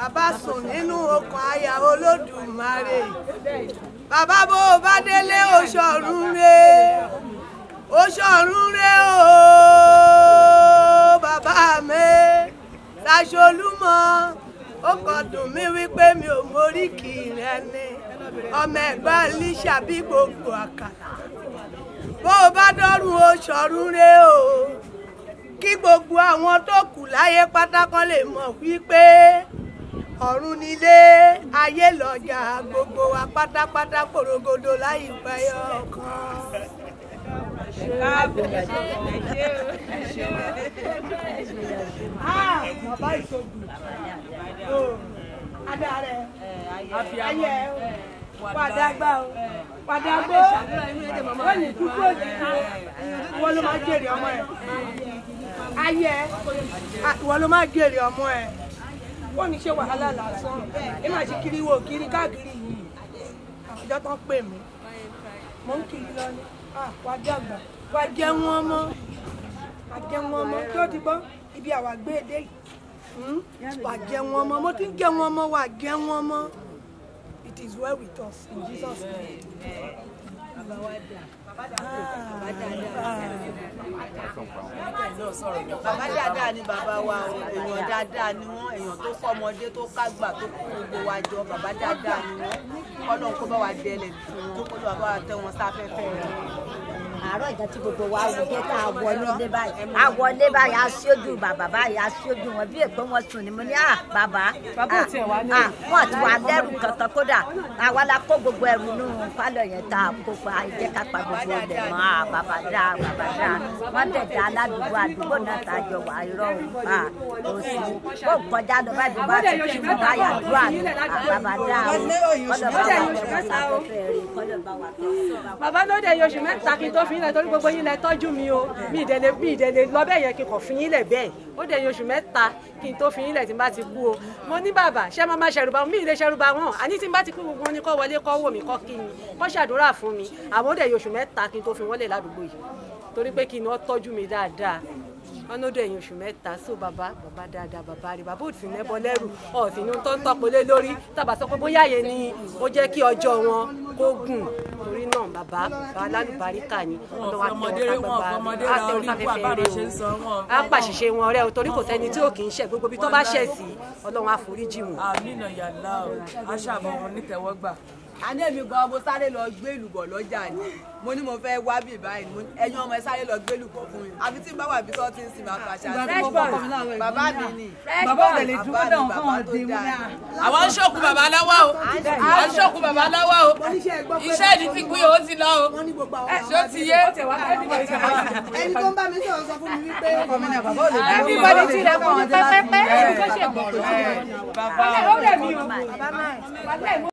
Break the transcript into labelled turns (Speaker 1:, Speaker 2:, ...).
Speaker 1: bàbá sùn nínú okùn àyà olódùmarè bàbá bó o bá délé oṣọ̀run re oṣọ̀run re o bàbá mi ṣàṣolúmọ́ ó kàn dùn mí wípé mi ò móríkì rẹ ni ọmọ ẹ̀gbọ́n líṣà bí gbogbo àkàlà bó o bá dọ́rùn oṣọ̀run re o kí gbogbo àwọn tó kù láyé pátákọ́ lè mọ̀ wípé ọ̀run nílé ayé lọ́jà gbogbo wa pátápátá pòrògodo láì pẹ́yọ ọ̀kan. bàbá ìṣògùn adá rẹ ayẹ
Speaker 2: padàgbà o
Speaker 1: padàgbò wọ́n ní kúkú òjijì wọ́n ló máa jèrè ọmọ ẹ̀ ayẹ wọ́n ló máa jèrè ọmọ ẹ̀ wọ́n ní ṣe wàhálà lásán ẹ máa ṣe kiri wo kiri káàkiri yìí ọjọ́ tán pè mí mò ń kiri lọ ni wàá dàgbà wàá jẹ wọn mọ wàá jẹ wọn mọ tó ti bọ́ ibi àwa gbé e dé hmm? wàá jẹ wọn mọ mo ti ń jẹ wọn mọ wàá jẹ wọn mọ it is well with us in Jesus' name. Bàbá dáadáa ni bàbá wa o, èèyàn dáadáa ni wọ́n, èèyàn tó fọmọdé tó kágbà tó kó gbogbo wa jọ, bàbá dáadáa ni wọ́n. Ọlọ́run kó bá wa dẹlẹ̀ fún wọn, kó lọ́ọ́ bá wa tẹ́ wọn sáfẹ́fẹ́ rẹ̀ àárọ̀ ìjà tí gbogbo wa wò dé tá a wọlé báyìí a wọlé báyìí a ṣojú bàbá báyìí a ṣojú wọn bí èpè wọn sùn ni mo ní à bàbá à wọn ti wà lẹ́rù kankan kódà àwa la kó gbogbo ẹrù nù pálọ̀ yẹn tá a kó pa ìjẹ́ ká pa gbogbo ọ̀dẹ̀ mọ́ à bàbá dá
Speaker 2: bàbá dá wọn dẹ̀ dá aládùúgbò
Speaker 1: àdúgbò náà tá a jọ wà irọ́ òun à òsì ó kọjá
Speaker 2: lọ bá ìdúgbò àti kí mo bá yà dúrà bàbá dá kọ́dọ̀ bá wà tẹ̀wọ́ sáfẹ́fẹ́ rẹ̀ kọ́dọ̀ bá fún yín lẹ torí gbogbo yín lẹ tọ́jú mi o mi ìdẹ̀lẹ̀ mi ìdẹ̀lẹ̀ lọ bẹ́ẹ̀ yẹn kí n kàn fún yín lẹ̀ bẹ́ẹ̀ ó dẹ̀yìn oṣù mẹ́ta kí n tó fún yín lẹ̀ tí n bá ti kú o mo ní bàbá ṣé máa máa ṣẹ̀rù bá wọn mi ìlẹ̀ ṣẹ̀rù bá wọn àní tí n bá ti kú gbogbo wọn ni kọ́ wọlé kọ́ wò mí kọ́ kí mi kọ́ ṣàdúrà fún mi àmọ́ ó dẹ̀yìn oṣù mẹ́ta kí n tó fi wọ́lẹ̀ ládùúgbò yìí torí pé kí ni wọ́n tọ́jú mi dáadáa wọn ló dẹ̀yìn oṣù mẹ́ta so bàbá bàbá dáadáa bàbá rẹ̀ bàbá ò sì nẹ́bọ lẹ́rù ọ̀sìn ní tó ń tọ́pọ̀lé lórí tàbá sọ pé bóyá yẹn ni ó jẹ́ kí ọjọ́ wọn kó gùn torí náà bàbá bàbá alálùbáríkà ni ọlọ́wà tẹ wọn bàbá àtẹwọn sáfẹ́fẹ́ rẹ o á pàṣìṣe wọn rẹ o torí kò sẹ́ni tí ò kì í ṣẹ̀ gbogbo ibi tó bá ṣẹ̀ sí ọlọ́wà àforíjì wọn. àmì ìnàyà láò aṣáàbọ̀ wọn nítẹ̀wọ́gbà àní èmi
Speaker 1: gan mo sáré lọ gbé ìlùbọ̀ lọ́jà ni mo ní mo fẹ́ wá bí báyìí ni ọmọ ẹ sáré lọ gbé ìlùbọ̀ fún mi àfi tí báwa bí sọ́ọ́ ti ń sin máa fàṣà sí bàbá mi ni bàbá mi bàbá mi bàbá tó dáa. àwọn ṣòkù bàbá lọ́wọ́ o àwọn ṣòkù bàbá lọ́wọ́ o iṣẹ́ ìdí ti pín o ti lọ o ṣé o ti yé. ẹni tó ń bá mi sọ̀rọ̀ sọ fún mi wípé everybody ti rẹ̀ pọ̀ pẹ́pẹ́pẹ́ ẹni tó ṣe gbọ́